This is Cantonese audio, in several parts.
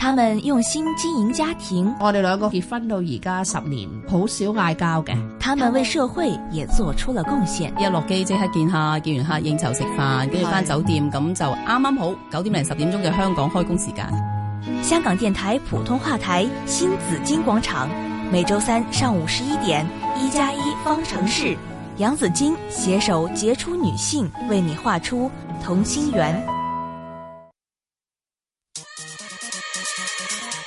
他們用心經營家庭，我哋兩個結婚到而家十年，好少嗌交嘅。他們為社會也做出了貢獻。嗯、一落機即刻見客，見完客，應酬食飯，跟住翻酒店，咁就啱啱好九點零十點鐘嘅香港開工時間。香港電台普通話台《新紫荊廣場》，每周三上午十一點，一加一方程式，楊紫荊攜手傑出女性，為你畫出同心圓。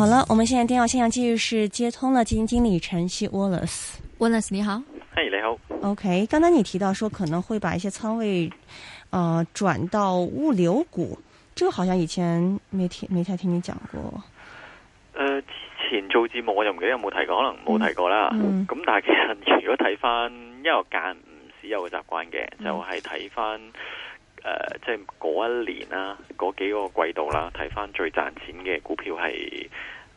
好了，我們現在電話線上繼續是接通了基金經理陳昕 Wallace。Wallace 你好，h、hey, 嗨你好。OK，剛剛你提到說可能會把一些倉位，呃，轉到物流股，這個好像以前沒聽沒太聽你講過。之、呃、前，前做節目我又唔記得有冇提過，可能冇提過啦。咁、嗯嗯嗯、但係其實如果睇翻，因為我間唔時有個習慣嘅，就係睇翻。嗯誒、呃，即係嗰一年啦、啊，嗰幾個季度啦，睇翻最賺錢嘅股票係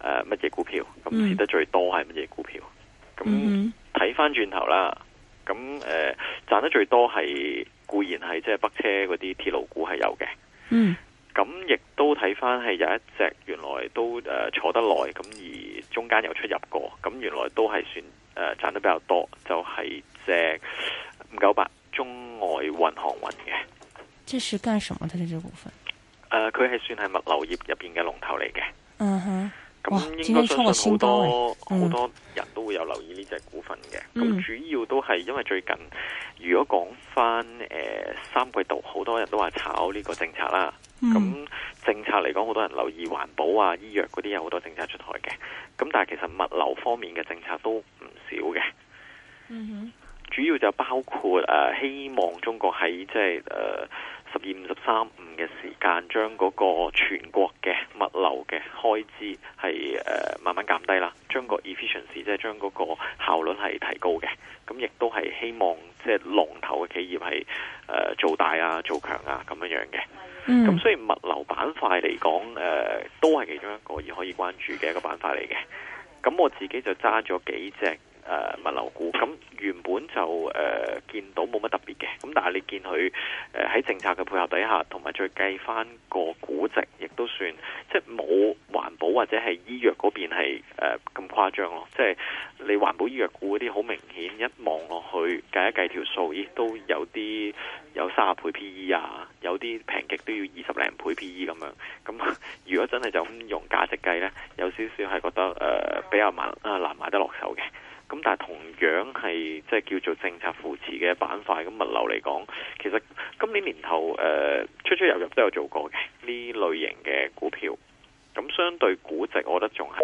誒乜嘢股票咁，蝕得最多係乜嘢股票？咁睇翻轉頭啦，咁誒賺得最多係固然係即係北車嗰啲鐵路股係有嘅，嗯，咁亦都睇翻係有一隻原來都誒、呃、坐得耐，咁而中間又出入過，咁原來都係算誒賺、呃、得比較多，就係隻五九八中外運航運。這是幹什麼的？佢呢隻股份佢係、呃、算係物流業入邊嘅龍頭嚟嘅。Uh-huh. 嗯哼，咁應該相信好多好多人都會有留意呢隻股份嘅。咁、嗯、主要都係因為最近，如果講翻誒三季度，好多人都話炒呢個政策啦。咁、嗯、政策嚟講，好多人留意環保啊、醫藥嗰啲有好多政策出台嘅。咁但係其實物流方面嘅政策都唔少嘅、嗯。主要就包括、呃、希望中國喺即係二十三五嘅時間，將嗰個全國嘅物流嘅開支係誒、呃、慢慢減低啦，將個 efficiency 即係將嗰個效率係提高嘅，咁亦都係希望即係龍頭嘅企業係誒、呃、做大啊、做強啊咁樣樣嘅。咁、mm. 所以物流板塊嚟講，誒、呃、都係其中一個而可以關注嘅一個板塊嚟嘅。咁我自己就揸咗幾隻。誒、呃、物流股，咁、嗯、原本就誒、呃、見到冇乜特別嘅，咁、嗯、但係你見佢誒喺政策嘅配合底下，同埋再計翻個估值，亦都算即係冇環保或者係醫藥嗰邊係咁、呃、誇張咯。即係你環保醫藥股嗰啲好明顯，一望落去計一，計一計條數，亦都有啲有三十倍 P E 啊，有啲平極都要二十零倍 P E 咁樣。咁、嗯、如果真係就咁用價值計呢，有少少係覺得誒、呃、比較、啊、難買得落手嘅。咁但係同樣係即係叫做政策扶持嘅板塊，咁物流嚟講，其實今年年頭誒、呃、出出入入都有做過嘅呢類型嘅股票，咁相對估值，我覺得仲係。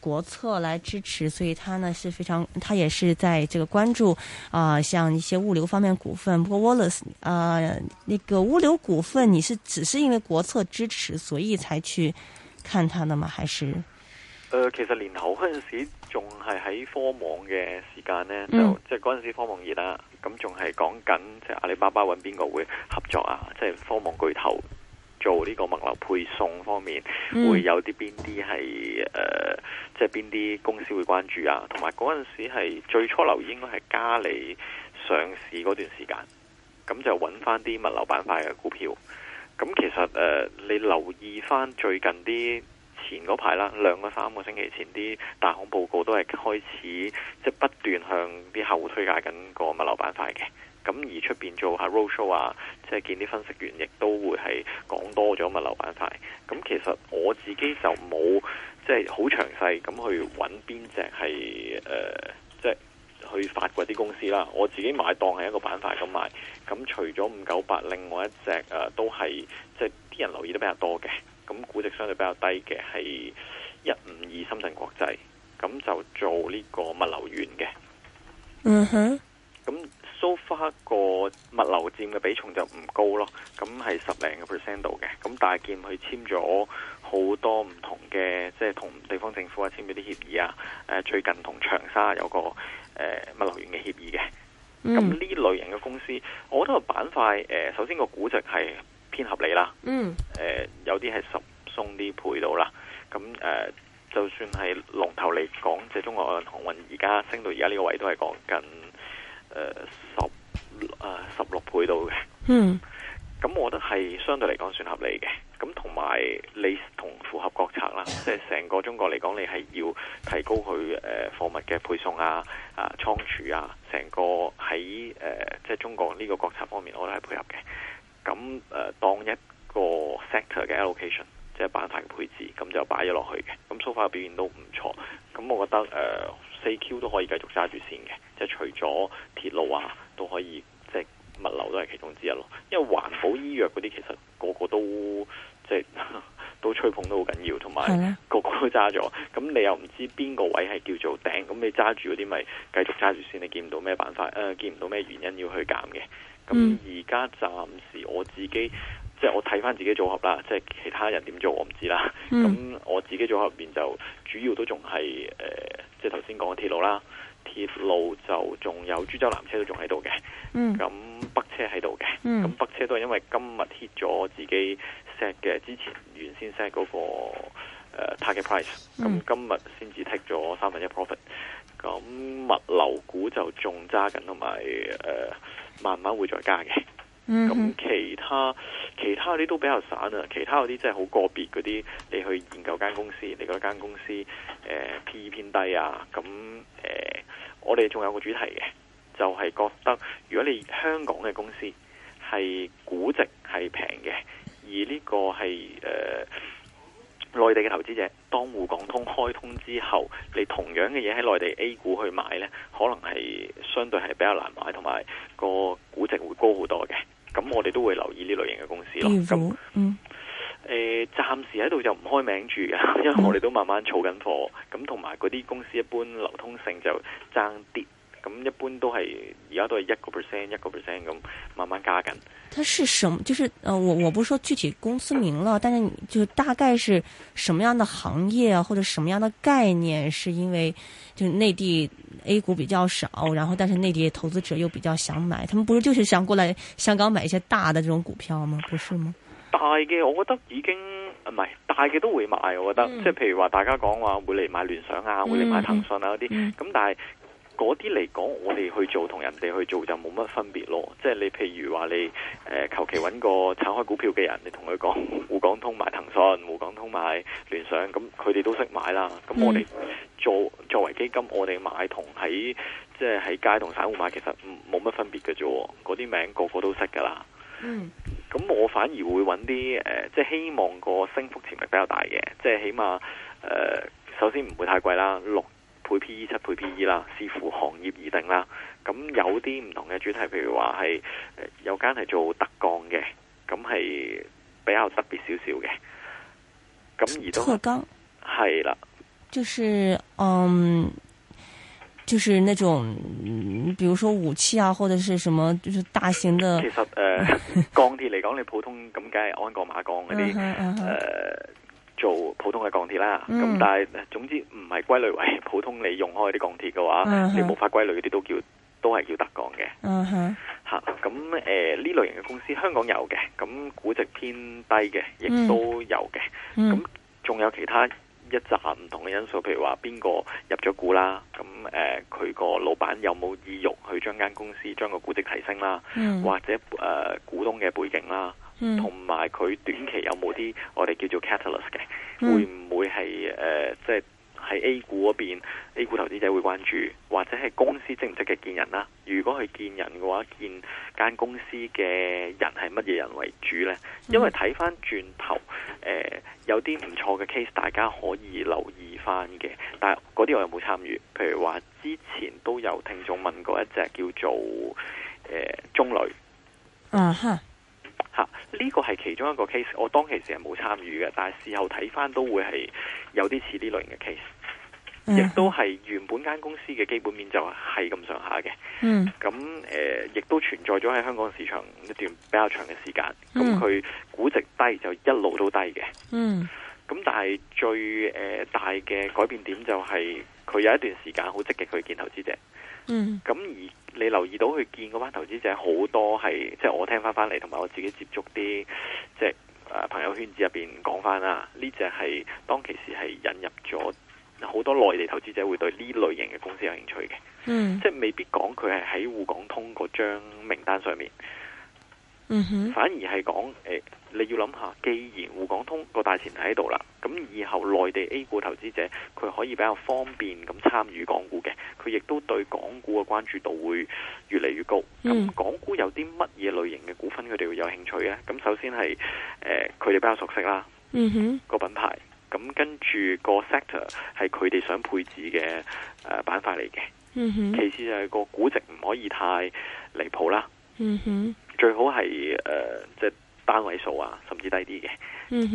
國策來支持，所以它呢是非常，它也是在這個關注，啊、呃，像一些物流方面股份。不過 Wallace，啊、呃，那個物流股份，你是只是因為國策支持，所以才去看它的嗎？還是？誒、呃，其實年頭嗰陣時仲係喺科網嘅時間呢，嗯、就即係嗰陣時科網熱啦、啊，咁仲係講緊即係阿里巴巴揾邊個會合作啊，即、就、係、是、科網巨頭。做呢個物流配送方面，嗯、會有啲邊啲係誒，即係邊啲公司會關注啊？同埋嗰陣時係最初留意，應該係加利上市嗰段時間，咁就揾翻啲物流板塊嘅股票。咁其實、呃、你留意翻最近啲前嗰排啦，兩個三個星期前啲大行報告都係開始即係不斷向啲客戶推介緊個物流板塊嘅。咁而出面做下 roadshow 啊，即係見啲分析員亦都會係講多咗物流板塊。咁其實我自己就冇即係好詳細咁去揾邊隻係誒即係去發掘啲公司啦。我自己買當係一個板塊咁買，咁除咗五九八，另外一隻誒都係即係啲人留意得比較多嘅，咁估值相對比較低嘅係一五二深圳國際，咁就做呢個物流園嘅。嗯哼。咁 so far 個物流佔嘅比重就唔高咯，咁係十零個 percent 度嘅。咁大健佢簽咗好多唔同嘅，即係同地方政府啊簽咗啲協議啊。誒、uh，最近同長沙有個誒、uh、物流園嘅協議嘅。咁，mm，呢類型嘅公司，我覺得個板塊誒、uh，首先個估值係偏合理啦。嗯。誒，有啲係十鬆啲倍到啦。咁誒、uh，就算係龍頭嚟講，即、就、係、是、中國航行運，而家升到而家呢個位置都係講緊。誒、呃、十、呃、十六倍度嘅，嗯，咁我覺得係相對嚟講算合理嘅，咁同埋你同符合國策啦，即係成個中國嚟講，你係要提高佢誒貨物嘅配送啊啊倉儲啊，成、啊、個喺誒即係中國呢個國策方面我都係配合嘅，咁誒、呃、當一個 sector 嘅 allocation 即係板塊配置，咁就擺咗落去嘅，咁 so far 表現都唔錯，咁我覺得誒。呃四 Q 都可以繼續揸住先嘅，即係除咗鐵路啊，都可以即係物流都係其中之一咯。因為環保、醫藥嗰啲其實個個都即係都吹捧得好緊要，同埋個個都揸咗。咁你又唔知邊個位係叫做頂，咁你揸住嗰啲咪繼續揸住先。你見唔到咩辦法？誒、呃，見唔到咩原因要去減嘅。咁而家暫時我自己即係我睇返自己組合啦，即係其他人點做我唔知啦。咁我自己組合入邊就主要都仲係誒。呃即係頭先講嘅鐵路啦，鐵路就仲有株洲南車都仲喺度嘅，咁、嗯、北車喺度嘅，咁、嗯、北車都係因為今日 hit 咗自己 set 嘅之前原先 set 嗰、那個、呃、target price，咁、嗯、今日先至 take 咗三分一 profit。咁物流股就仲揸緊，同埋誒慢慢會再加嘅。咁其他其他啲都比較散啊，其他嗰啲真係好個別嗰啲，你去研究間公司，你覺得間公司誒 P、呃、偏，偏低啊，咁、嗯、誒、呃、我哋仲有一個主題嘅，就係、是、覺得如果你香港嘅公司係估值係平嘅，而呢個係誒內地嘅投資者，當滬港通開通之後，你同樣嘅嘢喺內地 A 股去買咧，可能係相對係比較難買，同埋個估值會高好多嘅。咁我哋都會留意呢類型嘅公司咯。嗯、呃，誒，暫時喺度就唔開名住嘅，因為我哋都慢慢儲緊貨。咁同埋嗰啲公司一般流通性就爭啲。咁一般都係而家都係一個 percent 一個 percent 咁慢慢加緊。它是什麼？就是，嗯、呃，我我不是說具體公司名了，嗯，但是就大概是什麼樣的行業或者什麼樣的概念，是因為就內地 A 股比較少，然後但是內地嘅投資者又比較想買，他們不是就是想過來香港買一些大的這種股票嗎？不是嗎？大嘅，我覺得已經唔係大嘅都會買。我覺得即係譬如話大家講話會嚟買聯想啊，嗯、會嚟買騰訊啊嗰啲。咁、嗯嗯、但係嗰啲嚟講，我哋去做同人哋去做就冇乜分別咯。即係你譬如話你誒求其揾個炒開股票嘅人，你同佢講，滬港通買騰訊，滬港通買聯想，咁佢哋都識買啦。咁我哋做作為基金，我哋買同喺即係喺街同散戶買，其實冇乜分別嘅啫。嗰啲名個個都識噶啦。咁、嗯、我反而會揾啲誒，即係希望個升幅潛力比較大嘅，即係起碼、呃、首先唔會太貴啦，六配 P E 七配 P E 啦，視乎行業而定啦。咁有啲唔同嘅主題，譬如話係誒有間係做特鋼嘅，咁係比較特別少少嘅。咁而都特鋼係啦，就是嗯，就是那種，比如說武器啊，或者是什麼，就是大型嘅。其實誒，鋼鐵嚟講，你普通咁梗係鞍鋼馬鋼嗰啲誒。 呃做普通嘅鋼鐵啦，咁、嗯、但係總之唔係歸類為普通你用開啲鋼鐵嘅話，嗯嗯、你冇法歸類嗰啲都係叫都係叫特鋼嘅。嚇咁誒呢類型嘅公司香港有嘅，咁估值偏低嘅亦都有嘅。咁、嗯、仲、嗯、有其他一紮唔同嘅因素，譬如話邊個入咗股啦，咁誒佢個老闆有冇意欲去將間公司將個估值提升啦、嗯，或者誒、呃、股東嘅背景啦。同埋佢短期有冇啲我哋叫做 catalyst 嘅，會唔會係誒、呃，即係喺 A 股嗰邊、mm.，A 股投資者會關注，或者係公司值唔值得見人啦、啊，如果佢見人嘅話，見間公司嘅人係乜嘢人為主咧？因為睇翻轉頭，誒、呃、有啲唔錯嘅 case 大家可以留意翻嘅，但係嗰啲我又冇參與。譬如話之前都有聽眾問過一隻叫做誒中旅，嗯、呃、哼。呢個係其中一個 case，我當其時係冇參與嘅，但係事後睇返都會係有啲似呢類型嘅 case，亦、嗯、都係原本間公司嘅基本面就係咁上下嘅。嗯，咁誒亦都存在咗喺香港市場一段比較長嘅時間，咁、嗯、佢估值低就一路都低嘅。嗯，咁但係最誒大嘅改變點就係佢有一段時間好積極去見投資者。嗯，咁而。你留意到佢見嗰班投資者好多係，即係我聽翻翻嚟，同埋我自己接觸啲，即係誒、呃、朋友圈子入邊講翻啦。呢只係當其時係引入咗好多內地投資者會對呢類型嘅公司有興趣嘅，嗯，即係未必講佢係喺滬港通嗰張名單上面，嗯哼，反而係講誒。欸你要諗下，既然滬港通個大前提喺度啦，咁以後內地 A 股投資者佢可以比較方便咁參與港股嘅，佢亦都對港股嘅關注度會越嚟越高。咁港股有啲乜嘢類型嘅股份佢哋會有興趣呢？咁首先係誒，佢哋比較熟悉啦，個、mm -hmm. 品牌咁跟住個 sector 係佢哋想配置嘅板塊嚟嘅，呃 mm -hmm. 其次就係個估值，唔可以太離譜啦，mm -hmm. 最好係即。呃單位數啊，甚至低啲嘅。咁、mm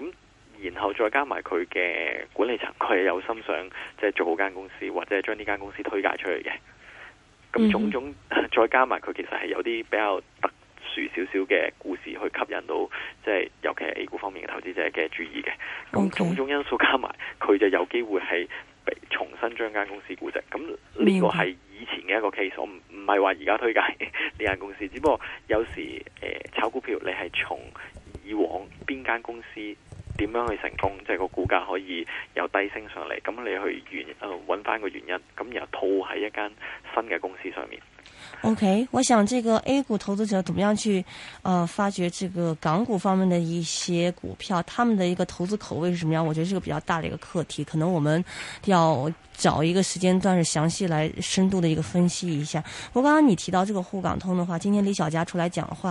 -hmm. 然後再加埋佢嘅管理層，佢係有心想即係做好間公司，或者係將呢間公司推介出去嘅。咁種種、mm -hmm. 再加埋佢，其實係有啲比較特殊少少嘅故事，去吸引到即係、就是、尤其係 A 股方面嘅投資者嘅注意嘅。咁種種因素加埋，佢就有機會係重新將這間公司估值。咁呢個係以前嘅一個 case，我唔唔係話而家推介呢間公司，只不過有。從以往邊間公司點樣去成功，即係個股價可以。有低升上嚟，咁你去原揾翻、呃、個原因，咁又套喺一間新嘅公司上面。O、okay, K，我想這個 A 股投資者怎麼樣去誒、呃、發掘這個港股方面的一些股票，他們的一個投資口味是什麼樣？我覺得是個比較大的一個課題，可能我們要找一個時間段，是詳細來深度的一個分析一下。不過剛剛你提到這個滬港通的話，今天李小加出來講話，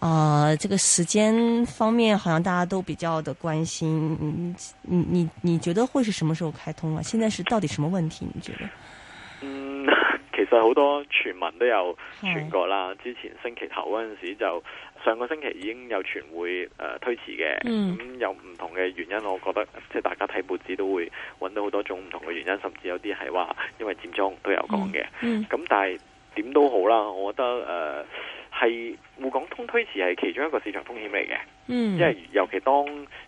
啊、呃，這個時間方面，好像大家都比較的關心，你你你你你，覺得會是什麼時候開通啊？現在是到底什麼問題？你覺得？嗯，其實好多傳聞都有傳過啦。之前星期頭嗰陣時候就上個星期已經有傳會誒、呃、推遲嘅。咁、嗯嗯、有唔同嘅原因，我覺得即係大家睇報紙都會揾到好多種唔同嘅原因，甚至有啲係話因為佔中都有講嘅。嗯，咁、嗯嗯嗯、但係點都好啦，我覺得誒係滬港通推遲係其中一個市場風險嚟嘅。嗯，因為尤其當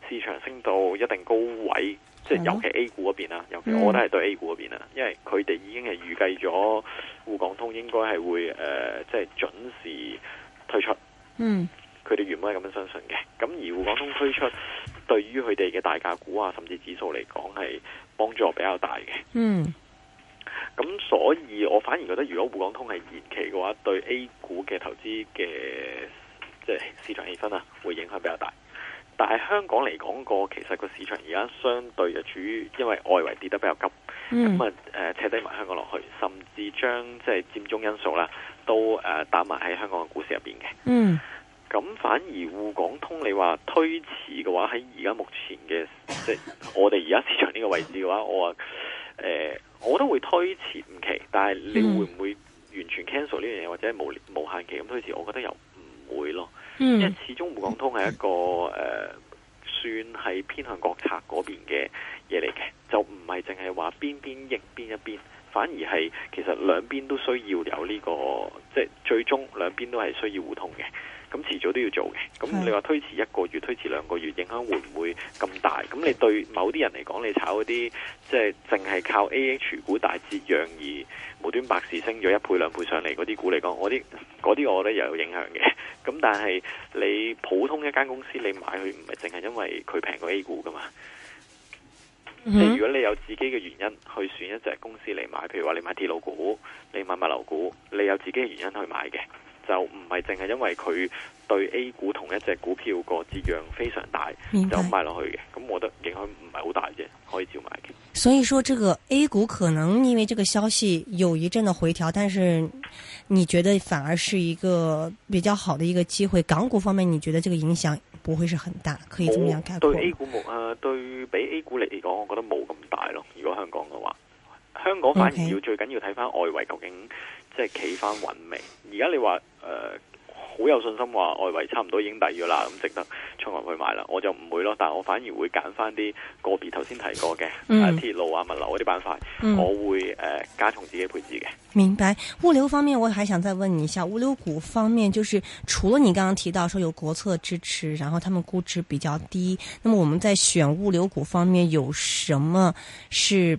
市場升到一定高位。即係尤其 A 股嗰邊啦，尤其我覺得係對 A 股嗰邊啦，因為佢哋已經係預計咗滬港通應該係會誒，即、呃、係、就是、準時推出。嗯，佢哋原本係咁樣相信嘅。咁而滬港通推出，對於佢哋嘅大價股啊，甚至指數嚟講係幫助比較大嘅。嗯，咁所以我反而覺得，如果滬港通係延期嘅話，對 A 股嘅投資嘅即係市場氣氛啊，會影響比較大。但係香港嚟講過，個其實個市場而家相對就處於，因為外圍跌得比較急，咁啊誒扯低埋香港落去，甚至將即係、就是、佔中因素啦，都誒打埋喺香港嘅股市入邊嘅。嗯，咁反而滬港通你話推遲嘅話，喺而家目前嘅即係我哋而家市場呢個位置嘅話，我誒、呃、我都會推遲唔期，但係你會唔會完全 cancel 呢樣嘢，或者無無限期咁推遲？我覺得又唔會咯。即始終滬港通係一個誒、呃，算係偏向國策嗰邊嘅嘢嚟嘅，就唔係淨係話邊邊亦邊一邊，反而係其實兩邊都需要有呢、這個，即係最終兩邊都係需要互通嘅。咁遲早都要做嘅，咁你話推遲一個月、推遲兩個月，影響會唔會咁大？咁你對某啲人嚟講，你炒嗰啲即係淨係靠 A H 股大折讓而無端百事升咗一倍兩倍上嚟嗰啲股嚟講，我啲嗰啲我覺得又有影響嘅。咁但係你普通一間公司，你買佢唔係淨係因為佢平過 A 股噶嘛？即、mm -hmm. 如果你有自己嘅原因去選一隻公司嚟買，譬如話你買鐵路股、你買物流股，你有自己嘅原因去買嘅。就唔係淨係因為佢對 A 股，同一隻股票個折讓非常大，okay. 就賣落去嘅，咁我覺得影響唔係好大啫，可以照買嘅。所以說，這個 A 股可能因為這個消息有一陣的回調，但是你覺得反而是一個比較好的一個機會。港股方面，你覺得這個影響不會是很大，可以咁樣概括？對 A 股冇、呃、對比 A 股嚟講，我覺得冇咁大咯。如果香港嘅話，香港反而要、okay. 最緊要睇翻外圍究竟。即係企翻穩味，而家你話誒好有信心話外圍差唔多已經抵咗啦，咁值得衝入去買啦，我就唔會咯。但係我反而會揀翻啲個別頭先提過嘅，誒、嗯、鐵、啊、路啊、物流嗰啲板塊，我會誒、呃、加重自己配置嘅。明白。物流方面，我還想再問你一下，物流股方面，就是除了你剛剛提到說有國策支持，然後他們估值比較低，那麼我們在選物流股方面有什麼是？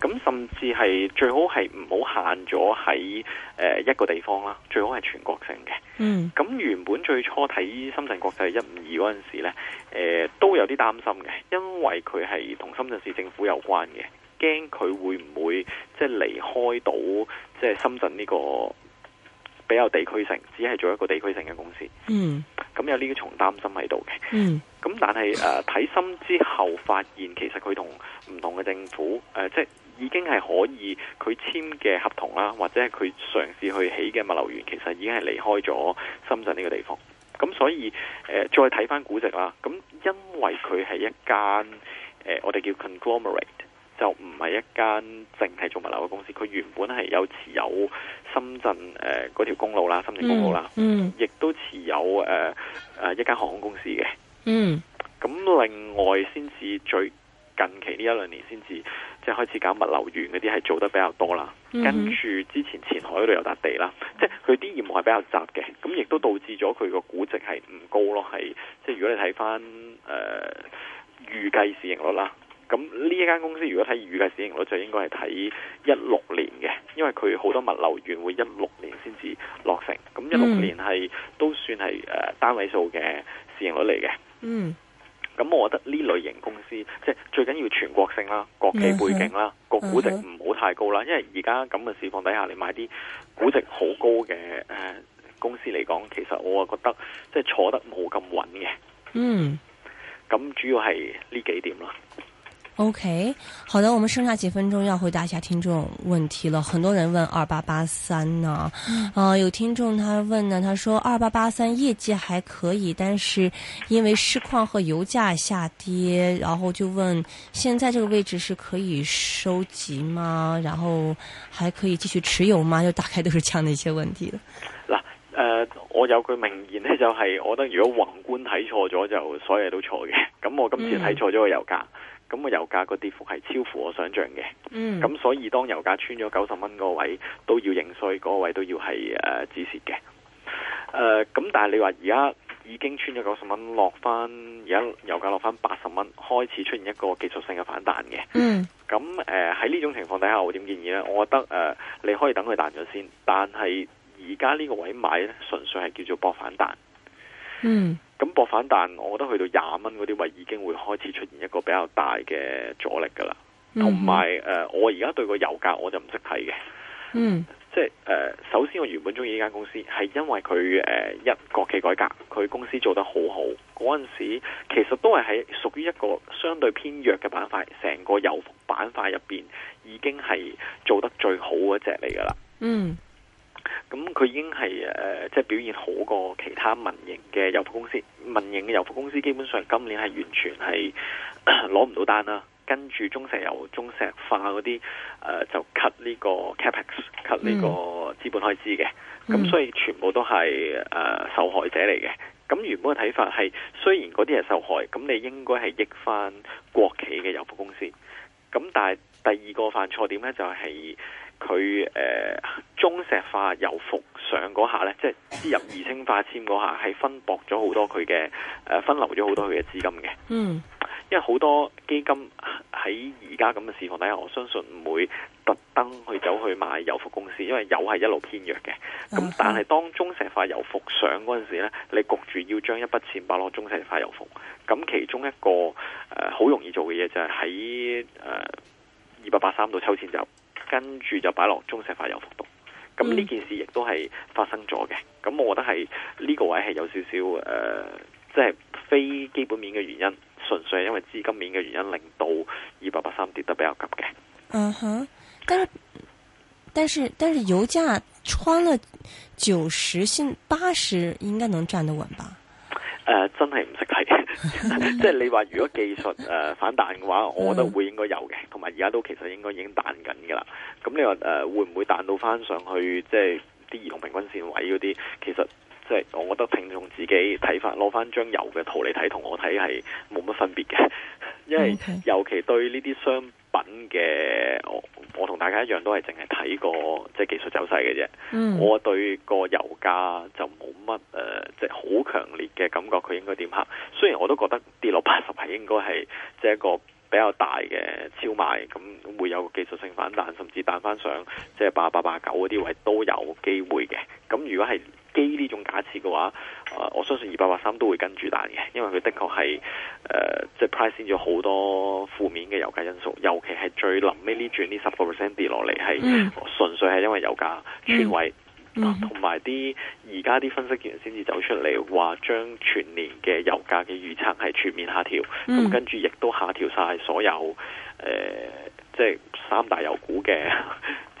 咁甚至係最好係唔好限咗喺誒一個地方啦，最好係全國性嘅。嗯。咁原本最初睇深圳國際一五二嗰陣時咧，誒、呃、都有啲擔心嘅，因為佢係同深圳市政府有關嘅，驚佢會唔會即係離開到即係深圳呢個比較地區性，只係做一個地區性嘅公司。嗯。咁有呢啲重擔心喺度嘅。嗯。咁但係誒睇深之後發現，其實佢同唔同嘅政府誒、呃、即係。已經係可以佢簽嘅合同啦，或者係佢嘗試去起嘅物流園，其實已經係離開咗深圳呢個地方。咁所以誒、呃，再睇翻估值啦。咁因為佢係一間誒、呃，我哋叫 conglomerate，就唔係一間淨係做物流嘅公司。佢原本係有持有深圳誒嗰條公路啦，深圳公路啦，嗯，亦都持有誒誒、呃呃、一間航空公司嘅，嗯。咁另外先至最近期呢一兩年先至。即係開始搞物流園嗰啲係做得比較多啦、嗯，跟住之前前海嗰度有笪地啦，即係佢啲業務係比較雜嘅，咁亦都導致咗佢個估值係唔高咯，係即係如果你睇翻誒預計市盈率啦，咁呢一間公司如果睇預計市盈率就應該係睇一六年嘅，因為佢好多物流園會一六年先至落成，咁一六年係、嗯、都算係誒、呃、單位數嘅市盈率嚟嘅。嗯。咁我覺得呢類型公司，即係最緊要全國性啦、國企背景啦、mm -hmm. 個估值唔好太高啦，mm -hmm. 因為而家咁嘅市況底下，你買啲估值好高嘅、呃、公司嚟講，其實我啊覺得即係坐得冇咁穩嘅。嗯，咁主要係呢幾點啦。OK，好的，我們剩下幾分鐘要回答一下聽眾問題了。很多人問二八八三呢，啊、呃，有聽眾他問呢，他說二八八三業績還可以，但是因為市況和油價下跌，然後就問現在這個位置是可以收集嗎？然後還可以繼續持有嗎？就大概都是這樣的一些問題的、呃。我有句名言呢、就是，就係我覺得如果宏觀睇錯咗，就所有都錯嘅。咁我今次睇錯咗個油價。嗯。油價。咁個油價個跌幅係超乎我想象嘅，咁、嗯、所以當油價穿咗九十蚊嗰位，都要認衰，嗰、那個位都要係誒止蝕嘅。誒、呃、咁、呃、但係你話而家已經穿咗九十蚊，落翻而家油價落翻八十蚊，開始出現一個技術性嘅反彈嘅。嗯。咁誒喺呢種情況底下，我點建議呢？我覺得誒、呃、你可以等佢彈咗先，但係而家呢個位買咧，純粹係叫做搏反彈。嗯，咁博反彈，我覺得去到廿蚊嗰啲位，已經會開始出現一個比較大嘅阻力噶啦、嗯。同埋誒，我而家對個油價我就唔識睇嘅。嗯，即係誒、呃，首先我原本中意呢間公司，係因為佢誒一國企改革，佢公司做得好好。嗰陣時其實都係喺屬於一個相對偏弱嘅板塊，成個油服板塊入邊已經係做得最好嗰隻嚟噶啦。嗯。咁佢已經係誒、呃，即係表現好過其他民營嘅油服公司。民營嘅油服公司基本上今年係完全係攞唔到單啦、啊。跟住中石油、中石化嗰啲誒，就 cut 呢個 CapEx，cut、嗯、呢個資本開支嘅。咁、嗯、所以全部都係誒、呃、受害者嚟嘅。咁原本嘅睇法係，雖然嗰啲係受害，咁你應該係益返國企嘅油服公司。咁但係第二個犯錯點咧就係、是。佢誒、呃、中石化油服上嗰下咧，即係注入儀徵化纖嗰下，係分薄咗好多佢嘅，誒分流咗好多佢嘅資金嘅。嗯，因為好多基金喺而家咁嘅市況底下，我相信唔會特登去走去買油服公司，因為油係一路偏弱嘅。咁、嗯、但係當中石化油服上嗰陣時咧，你焗住要將一筆錢擺落中石化油服。咁其中一個誒好、呃、容易做嘅嘢就係喺誒二百八三度抽錢走。跟住就擺落中石化有幅度，咁呢件事亦都係發生咗嘅。咁、嗯、我覺得係呢個位係有少少誒，即、呃、係、就是、非基本面嘅原因，純粹係因為資金面嘅原因，令到二百八三跌得比較急嘅。嗯哼，但係，但是，但是油價穿了九十先，八十應該能站得穩吧？誒、呃，真係唔識睇，即係你話如果技術誒、呃、反彈嘅話、嗯，我覺得會應該有嘅。而家都其實應該已經彈緊㗎啦，咁你話誒、呃、會唔會彈到翻上去？即係啲移童平均線位嗰啲，其實即係我覺得憑著自己睇法，攞翻張油嘅圖嚟睇，同我睇係冇乜分別嘅。因為尤其對呢啲商品嘅我，我同大家一樣都係淨係睇過即係、就是、技術走勢嘅啫。嗯、我對個油價就冇乜誒，即係好強烈嘅感覺佢應該點行。雖然我都覺得跌落八十係應該係即係一個。比較大嘅超賣，咁會有技術性反彈，甚至彈翻上，即係八八八九嗰啲位都有機會嘅。咁如果係基於呢種假設嘅話，我相信二百八三都會跟住彈嘅，因為佢的確係誒，即係 price in 咗好多負面嘅油價因素，尤其係最臨尾呢轉呢十個 percent 跌落嚟，係純粹係因為油價轉位。Mm. Mm. 同埋啲而家啲分析員先至走出嚟話，將全年嘅油價嘅預測係全面下調。咁、嗯、跟住亦都下調晒所有誒，即、呃、係、就是、三大油股嘅，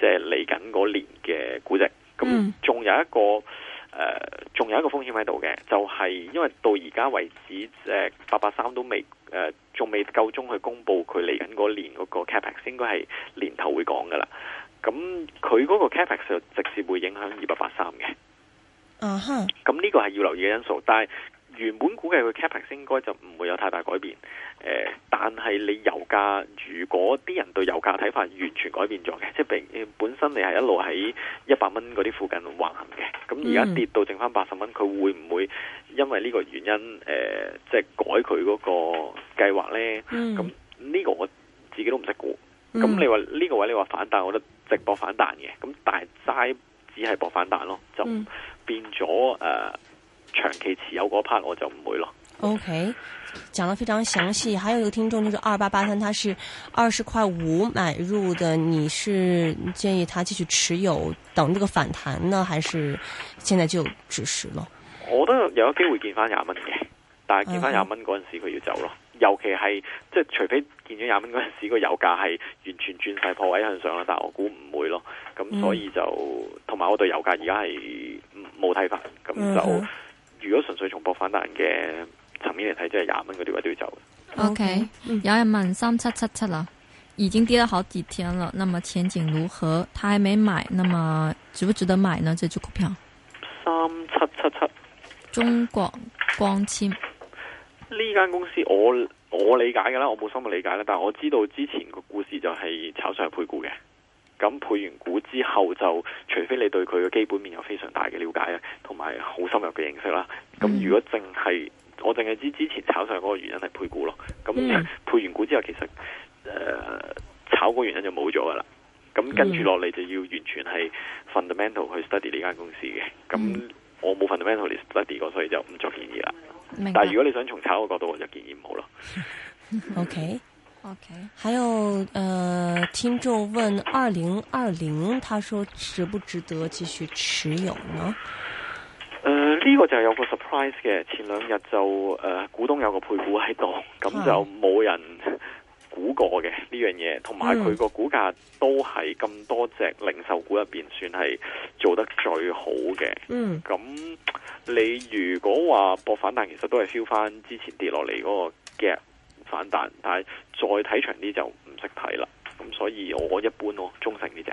即係嚟緊嗰年嘅估值。咁仲有一個誒，仲、嗯呃、有一個風險喺度嘅，就係、是、因為到而家為止誒八八三都未誒，仲未夠鐘去公布佢嚟緊嗰年嗰個 capex，應該係年頭會講噶啦。咁佢嗰個 capex 就直接會影響二百八三嘅，嗯哼。咁，呢個係要留意嘅因素。但係原本估計佢 capex 應該就唔會有太大改變。誒、呃，但係你油價如果啲人對油價睇法完全改變咗嘅，即係、呃、本身你係一路喺一百蚊嗰啲附近橫行嘅，咁而家跌到剩翻八十蚊，佢、mm -hmm. 會唔會因為呢個原因誒即係改佢嗰個計劃咧？咁、mm、呢 -hmm. 個我自己都唔識估。咁、mm -hmm. 你話呢個位你話反彈，我覺得。直播反彈嘅，咁但係齋只係博反彈咯，就變咗誒、嗯呃、長期持有嗰 part 我就唔會咯。OK，講得非常詳細，還有一個聽眾就是二八八三，他是二十塊五買入的，你是建議他繼續持有，等呢個反彈呢，還是現在就止蝕咯？我覺得有機會見翻廿蚊嘅，但係見翻廿蚊嗰陣時佢要走咯，uh -huh. 尤其係即係除非。見咗廿蚊嗰陣時，個油價係完全轉晒破位向上啦，但係我估唔會咯，咁所以就同埋、嗯、我對油價而家係冇睇法，咁就如果純粹從博反彈嘅層面嚟睇，即係廿蚊嗰條位都要走。OK，有人問三七七七啦，已經跌咗好幾天了，那麼前景如何？他還沒買，那麼值不值得買呢？這隻股票三七七七，中國光纖呢間公司我。我理解嘅啦，我冇深入理解啦，但係我知道之前個故事就係炒上去配股嘅，咁配完股之後就，除非你對佢嘅基本面有非常大嘅了解，啊，同埋好深入嘅認識啦，咁如果淨係我淨係知之前炒上嗰個原因係配股咯，咁配完股之後其實誒、呃、炒個原因就冇咗噶啦，咁跟住落嚟，就要完全係 fundamental 去 study 呢間公司嘅，咁我冇 fundamental study 過，所以就唔作建議啦。但係如果你想從炒嘅角度，我就建議唔好咯。 OK OK，還有誒、呃，聽眾問二零二零，他說值不值得繼續持有呢？呢、呃這個就有個 surprise 嘅，前兩日就股、呃、東有個配股喺度，咁就冇人。 估過嘅呢樣嘢，同埋佢個股價都係咁多隻零售股入邊算係做得最好嘅。嗯，咁你如果話搏反彈，其實都係消翻之前跌落嚟嗰個腳反彈，但係再睇長啲就唔識睇啦。咁所以，我一般咯，中性呢隻。